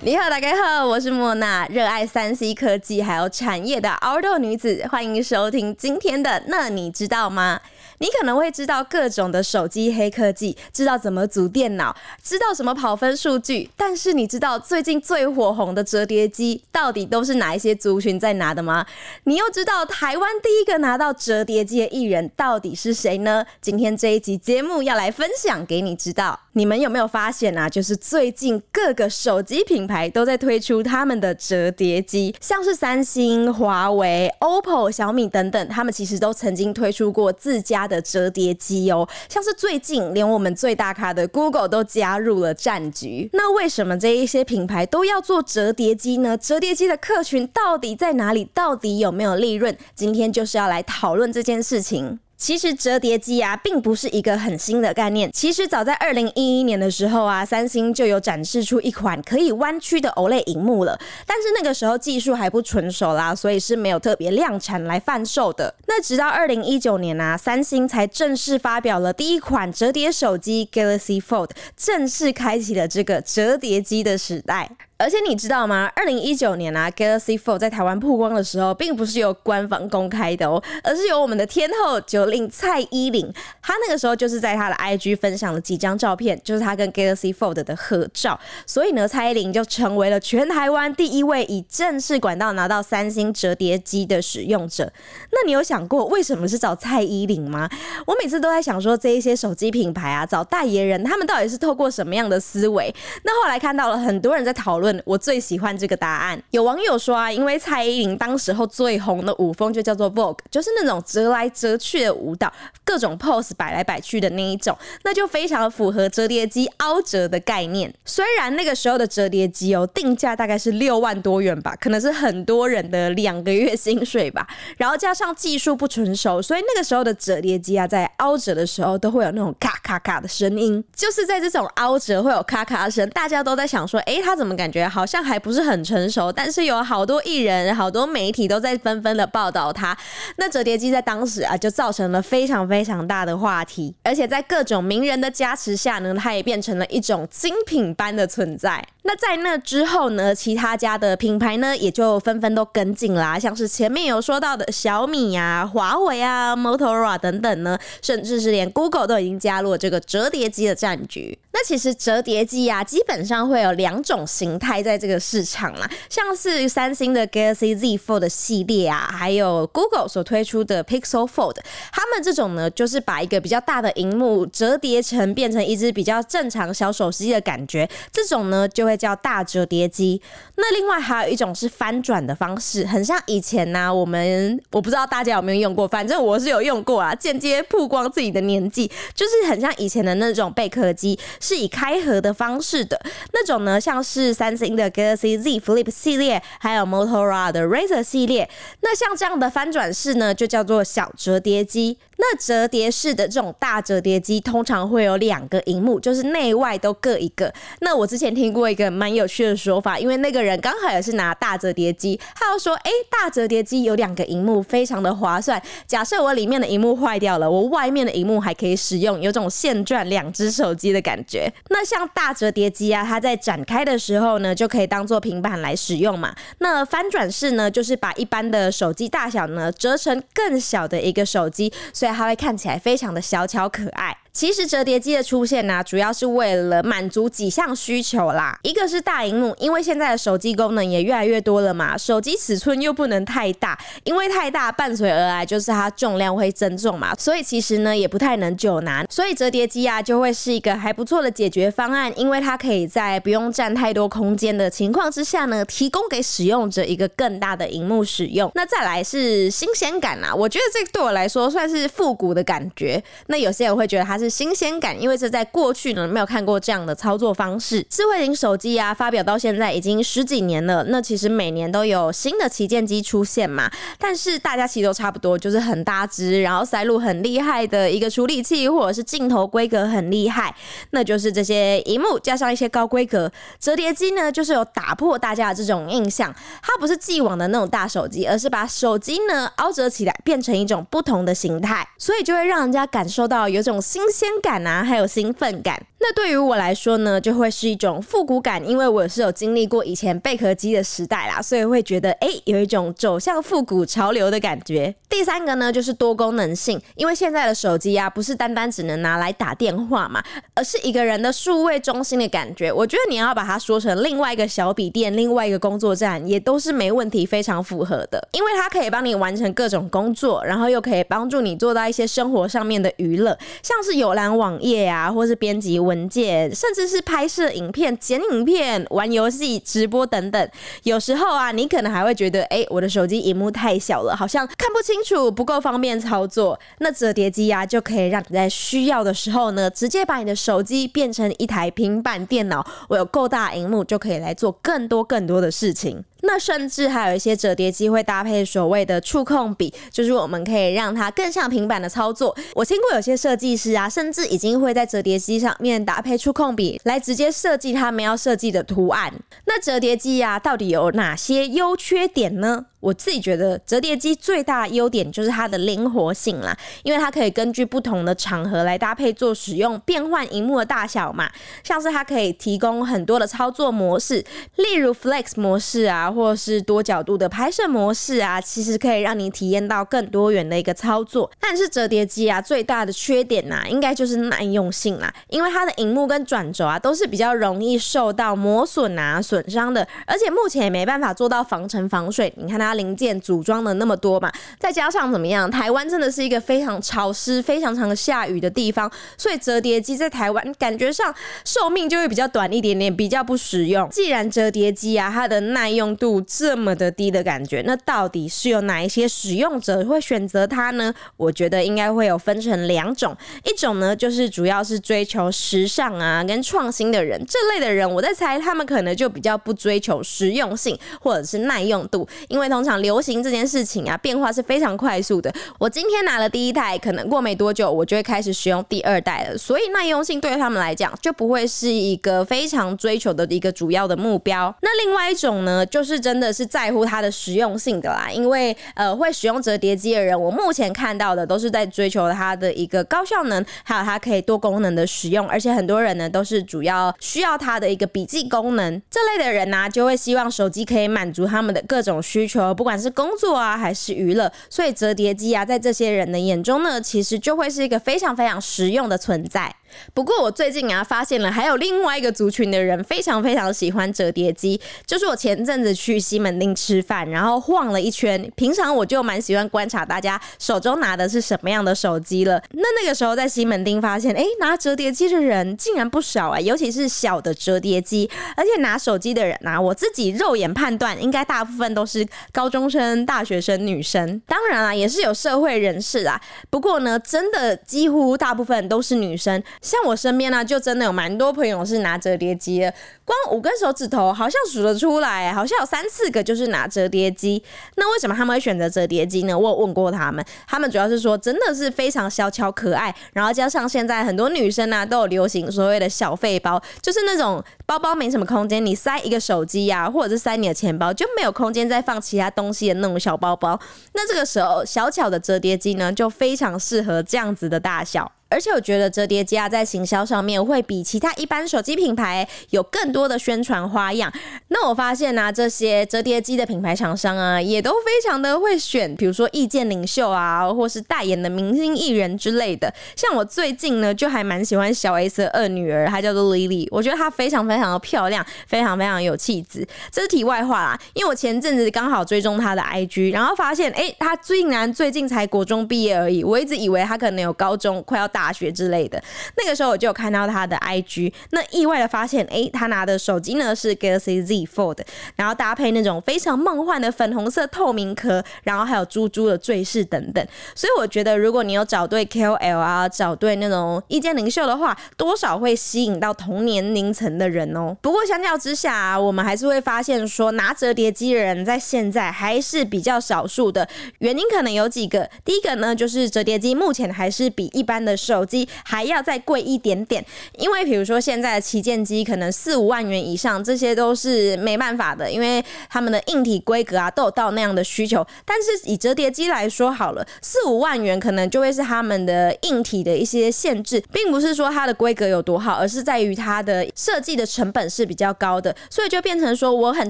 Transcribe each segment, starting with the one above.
你好，大家好，我是莫娜，熱愛三 C 科技還有產業的澳洲女子，歡迎收聽今天的那你知道嗎？你可能會知道各種的手機黑科技，知道怎麼組電腦，知道什麼跑分數據，但是你知道最近最火紅的摺疊機到底都是哪一些族群在拿的嗎？你又知道台灣第一個拿到摺疊機的藝人到底是誰呢？今天這一集節目要來分享給你知道。你們有沒有發現啊？就是最近各個手機品牌都在推出他們的摺疊機，像是三星、華為、OPPO、小米等等，他們其實都曾經推出過自家的。的折疊機哦，像是最近連我們最大咖的 Google 都加入了戰局。那為什麼這一些品牌都要做折疊機呢？折疊機的客群到底在哪裡？到底有沒有利潤？今天就是要來討論這件事情。其實摺疊機啊，並不是一個很新的概念。其實早在二零一一年的時候啊，三星就有展示出一款可以彎曲的 OLED 螢幕了。但是那個時候技術還不純熟啦，所以是沒有特別量產來販售的。那直到二零一九年啊，三星才正式發表了第一款摺疊手機 Galaxy Fold，正式開啟了這個摺疊機的時代。而且你知道嗎？二零一九年啊，Galaxy Fold 在台灣曝光的時候，並不是由官方公開的哦，而是由我們的天后 Jolin 蔡依林，她那個時候就是在她的 IG 分享了幾張照片，就是她跟 Galaxy Fold 的合照。所以呢，蔡依林就成為了全台灣第一位以正式管道拿到三星折疊機的使用者。那你有想過為什麼是找蔡依林嗎？我每次都在想說，這一些手機品牌啊，找代言人，他們到底是透過什麼樣的思維？那後來看到了很多人在討論。我最喜歡這個答案。有網友說啊，因為蔡依林當時候最紅的舞風就叫做 Vogue，就是那種折來折去的舞蹈，各種 pose 擺來擺去的那一種，那就非常符合折疊機凹折的概念。雖然那個時候的折疊機哦，定價大概是六萬多元吧，可能是很多人的兩個月薪水吧。然後加上技術不純熟，所以那個時候的折疊機啊，在凹折的時候都會有那種咔咔咔的聲音，就是在這種凹折會有咔咔的聲，大家都在想說，哎，他怎麼感覺？好像還不是很成熟，但是有好多藝人、好多媒體都在紛紛的報道它。那摺疊機在當時啊，就造成了非常非常大的話題。而且在各種名人的加持下呢，它也變成了一種精品般的存在。那在那之後呢，其他家的品牌呢，也就紛紛都跟進啦、啊，像是前面有說到的小米呀、啊、華為啊、Motorola 等等呢，甚至是連 Google 都已經加入了這個摺疊機的戰局。那其實摺疊機啊，基本上會有兩種形態。開在這個市場啦，像是三星的 Galaxy Z Fold 系列啊，還有 Google 所推出的 Pixel Fold，他們這種呢，就是把一個比較大的熒幕摺疊成變成一隻比較正常小手機的感覺，這種呢就會叫大摺疊機。那另外還有一種是翻轉的方式，很像以前呢、啊，我們我不知道大家有沒有用過，反正我是有用過啊，間接曝光自己的年紀，就是很像以前的那種貝殼機，是以開合的方式的，那種呢，像是三。新的 Galaxy Z Flip 系列，還有 Motorola 的 Razr 系列。那像這樣的翻轉式呢，就叫做小折疊機。那折疊式的這種大折疊機，通常會有兩個熒幕，就是內外都各一個。那我之前聽過一個蠻有趣的說法，因為那個人剛好也是拿大折疊機，他就說：“哎、欸，大折疊機有兩個熒幕，非常的划算。假設我裡面的熒幕壞掉了，我外面的熒幕還可以使用，有種現賺兩隻手機的感覺。”那像大折疊機啊，它在展開的時候。呢就可以當做平板來使用嘛。那翻轉式呢，就是把一般的手機大小呢，折成更小的一個手機，所以它會看起來非常的小巧可愛。其實摺疊機的出現呢、啊，主要是為了滿足幾項需求啦。一個是大螢幕，因為現在的手機功能也越來越多了嘛，手機尺寸又不能太大，因為太大伴隨而來就是它重量會增重嘛，所以其實呢也不太能久拿。所以摺疊機啊就會是一個還不錯的解決方案，因為它可以在不用占太多空間的情況之下呢，提供給使用者一個更大的螢幕使用。那再來是新鮮感啦、啊，我覺得這個對我來說算是復古的感覺。那有些人會覺得它是。新鮮感，因為這在過去呢沒有看過這樣的操作方式。智慧型手機啊，發表到現在已經十幾年了，那其實每年都有新的旗艦機出現嘛，但是大家其實都差不多，就是很大只，然後塞入很厲害的一個處理器，或者是鏡頭規格很厲害，那就是這些熒幕加上一些高規格。摺疊機呢，就是有打破大家的這種印象，它不是既往的那種大手機，而是把手機呢凹折起來，變成一種不同的形態，所以就會讓人家感受到有種新新鮮感啊，還有興奮感，那對於我來說呢，就會是一種復古感，因為我也是有經歷過以前貝殼機的時代啦，所以會覺得誒、欸、有一種走向復古潮流的感覺。第三個呢，就是多功能性，因為現在的手機啊，不是單單只能拿來打電話嘛，而是一個人的數位中心的感覺。我覺得你要把它說成另外一個小筆電，另外一個工作站，也都是沒問題，非常符合的，因為它可以幫你完成各種工作，然後又可以幫助你做到一些生活上面的娛樂，像是。瀏覽網頁啊，或是編輯文件，甚至是拍攝影片、剪影片、玩遊戲、直播等等。有時候啊，你可能還會覺得，哎、欸，我的手機螢幕太小了，好像看不清楚，不夠方便操作。那摺疊機呀，就可以讓你在需要的時候呢，直接把你的手機變成一台平板電腦，我有夠大螢幕，就可以來做更多更多的事情。那甚至還有一些折疊機會搭配所謂的觸控筆，就是我們可以讓它更像平板的操作。我聽過有些設計師啊，甚至已經會在折疊機上面搭配觸控筆來直接設計他們要設計的圖案。那折疊機呀、啊，到底有哪些優缺點呢？我自己覺得摺疊機最大的優點就是它的靈活性啦，因為它可以根據不同的場合來搭配做使用，變換熒幕的大小嘛。像是它可以提供很多的操作模式，例如 Flex 模式啊，或者是多角度的拍攝模式啊，其實可以讓你體驗到更多元的一個操作。但是摺疊機啊，最大的缺點吶、啊，應該就是耐用性啦，因為它的熒幕跟轉軸啊，都是比較容易受到磨損啊、損傷的，而且目前也沒辦法做到防塵防水。你看它。零件組裝的那麼多嘛，再加上怎麼樣？台灣真的是一個非常潮濕、非常常下雨的地方，所以摺疊機在台灣感覺上壽命就會比較短一點點，比較不實用。既然摺疊機啊，它的耐用度這麼的低的感覺，那到底是有哪一些使用者會選擇它呢？我覺得應該會有分成兩種，一種呢就是主要是追求時尚啊跟創新的人這類的人，我在猜他們可能就比較不追求實用性或者是耐用度，因為呢。通常流行這件事情啊，變化是非常快速的。我今天拿了第一代，可能過沒多久，我就會開始使用第二代了。所以耐用性對於他們來講，就不會是一個非常追求的一個主要的目標。那另外一種呢，就是真的是在乎它的實用性的啦。因為呃，會使用摺疊機的人，我目前看到的都是在追求它的一個高效能，還有它可以多功能的使用。而且很多人呢，都是主要需要它的一個筆記功能。這類的人呢、啊，就會希望手機可以滿足他們的各種需求。不管是工作啊，還是娛樂，所以摺疊機啊，在這些人的眼中呢，其實就會是一個非常非常實用的存在。不過我最近啊，發現了還有另外一個族群的人非常非常喜歡摺疊機，就是我前陣子去西門町吃飯，然後晃了一圈。平常我就蠻喜歡觀察大家手中拿的是什麼樣的手機了。那那個時候在西門町發現，哎、欸，拿摺疊機的人竟然不少啊、欸，尤其是小的摺疊機，而且拿手機的人啊，我自己肉眼判斷，應該大部分都是高中生、大學生、女生。當然啦、啊，也是有社會人士啦、啊。不過呢，真的幾乎大部分都是女生。像我身邊呢、啊，就真的有蠻多朋友是拿折疊機的，光五根手指頭好像數得出來，好像有三四個就是拿折疊機。那為什麼他們會選擇折疊機呢？我有問過他們，他們主要是說真的是非常小巧可愛，然後加上現在很多女生呢、啊、都有流行所謂的小廢包，就是那種包包沒什麼空間，你塞一個手機呀、啊，或者是塞你的錢包，就沒有空間再放其他東西的那種小包包。那這個時候小巧的折疊機呢，就非常適合這樣子的大小。而且我覺得折疊機啊，在行銷上面會比其他一般手機品牌有更多的宣傳花樣。那我發現呢、啊，這些折疊機的品牌廠商啊，也都非常的會選，比如說意見領袖啊，或是代言的明星藝人之類的。像我最近呢，就還蠻喜歡小 S 的二女兒，她叫做 Lily。我覺得她非常非常的漂亮，非常非常有氣質。這是題外話啦，因為我前陣子剛好追蹤她的 IG，然後發現，哎、欸，她竟然最近才國中畢業而已。我一直以為她可能有高中快要大。大學之類的，那個時候我就有看到他的 IG，那意外的發現，哎、欸，他拿的手機呢，是 Galaxy Z Fold，然後搭配那種非常夢幻的粉紅色透明殼，然後還有豬豬的墜飾等等。所以我覺得，如果你有找對 KOL 啊，找對那種意見領袖的話，多少會吸引到同年齡層的人哦、喔。不過相較之下、啊，我們還是會發現說，拿摺疊機的人在現在還是比較少數的。原因可能有幾個，第一個呢，就是摺疊機目前還是比一般的。手機還要再貴一點點，因為比如說現在的旗艦機可能四五萬元以上，這些都是沒辦法的，因為他們的硬體規格啊，都有到那樣的需求。但是以折疊機來說好了，四五萬元可能就會是他們的硬體的一些限制，並不是說它的規格有多好，而是在於它的設計的成本是比較高的，所以就變成說我很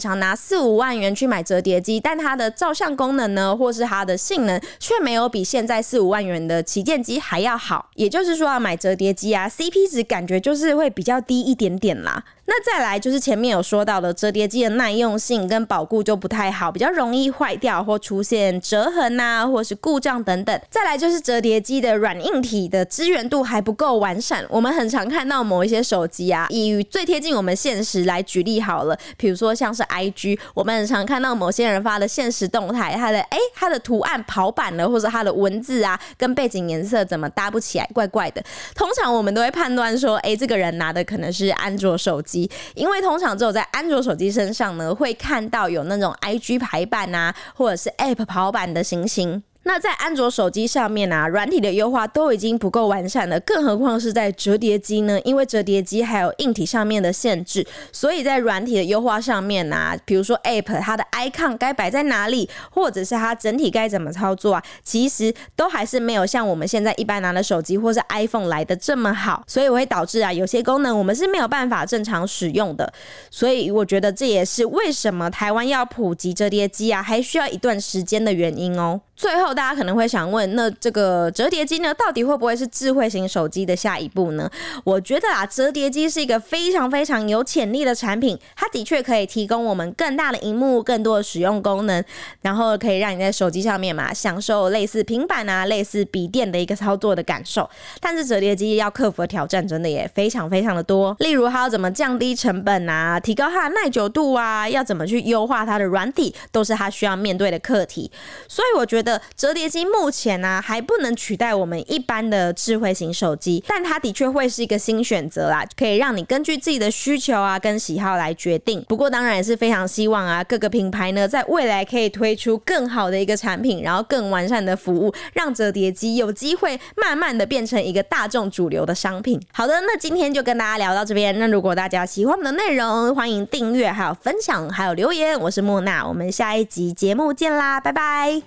常拿四五萬元去買折疊機，但它的照相功能呢，或是它的性能卻沒有比現在四五萬元的旗艦機還要好，也。也就是說，要買摺疊機啊，CP 值感覺就是會比較低一點點啦。那再來就是前面有說到的摺疊機的耐用性跟保固就不太好，比較容易壞掉或出現折痕啊，或是故障等等。再來就是摺疊機的軟硬體的支援度還不夠完善。我們很常看到某一些手機啊，以最貼近我們現實來舉例好了，比如說像是 IG，我們很常看到某些人發的限時動態，它的哎它、欸、的圖案跑版了，或者它的文字啊跟背景顏色怎麼搭不起來。怪怪的，通常我們都會判斷說，哎、欸，這個人拿的可能是安卓手機，因為通常只有在安卓手機身上呢，會看到有那種 I G 排版啊，或者是 App 跑版的情形。那在安卓手機上面啊，軟體的優化都已經不夠完善了，更何況是在折疊機呢？因為折疊機還有硬體上面的限制，所以在軟體的優化上面啊，比如說 App 它的 icon 該擺在哪裡，或者是它整體該怎麼操作啊，其實都還是沒有像我們現在一般拿的手機或是 iPhone 來得這麼好，所以會導致啊，有些功能我們是沒有辦法正常使用的。所以我覺得這也是為什麼台灣要普及折疊機啊，還需要一段時間的原因哦。最後。大家可能會想問，那這個摺疊機呢，到底會不會是智慧型手機的下一步呢？我覺得啊，摺疊機是一個非常非常有潛力的產品，它的確可以提供我們更大的螢幕，更多的使用功能，然後可以讓你在手機上面嘛，享受類似平板啊，類似筆電的一個操作的感受。但是摺疊機要克服的挑戰真的也非常非常的多，例如它要怎麼降低成本啊，提高它的耐久度啊，要怎麼去優化它的軟體，都是它需要面對的課題。所以我覺得。折疊機目前呢、啊、還不能取代我們一般的智慧型手機，但它的確會是一個新選擇啦，可以讓你根據自己的需求啊跟喜好來決定。不過當然也是非常希望啊各個品牌呢在未來可以推出更好的一個產品，然後更完善的服務，讓折疊機有機會慢慢的變成一個大眾主流的商品。好的，那今天就跟大家聊到這邊。那如果大家喜歡我們的內容，歡迎訂閱、還有分享、還有留言。我是莫娜，我們下一集節目見啦，拜拜。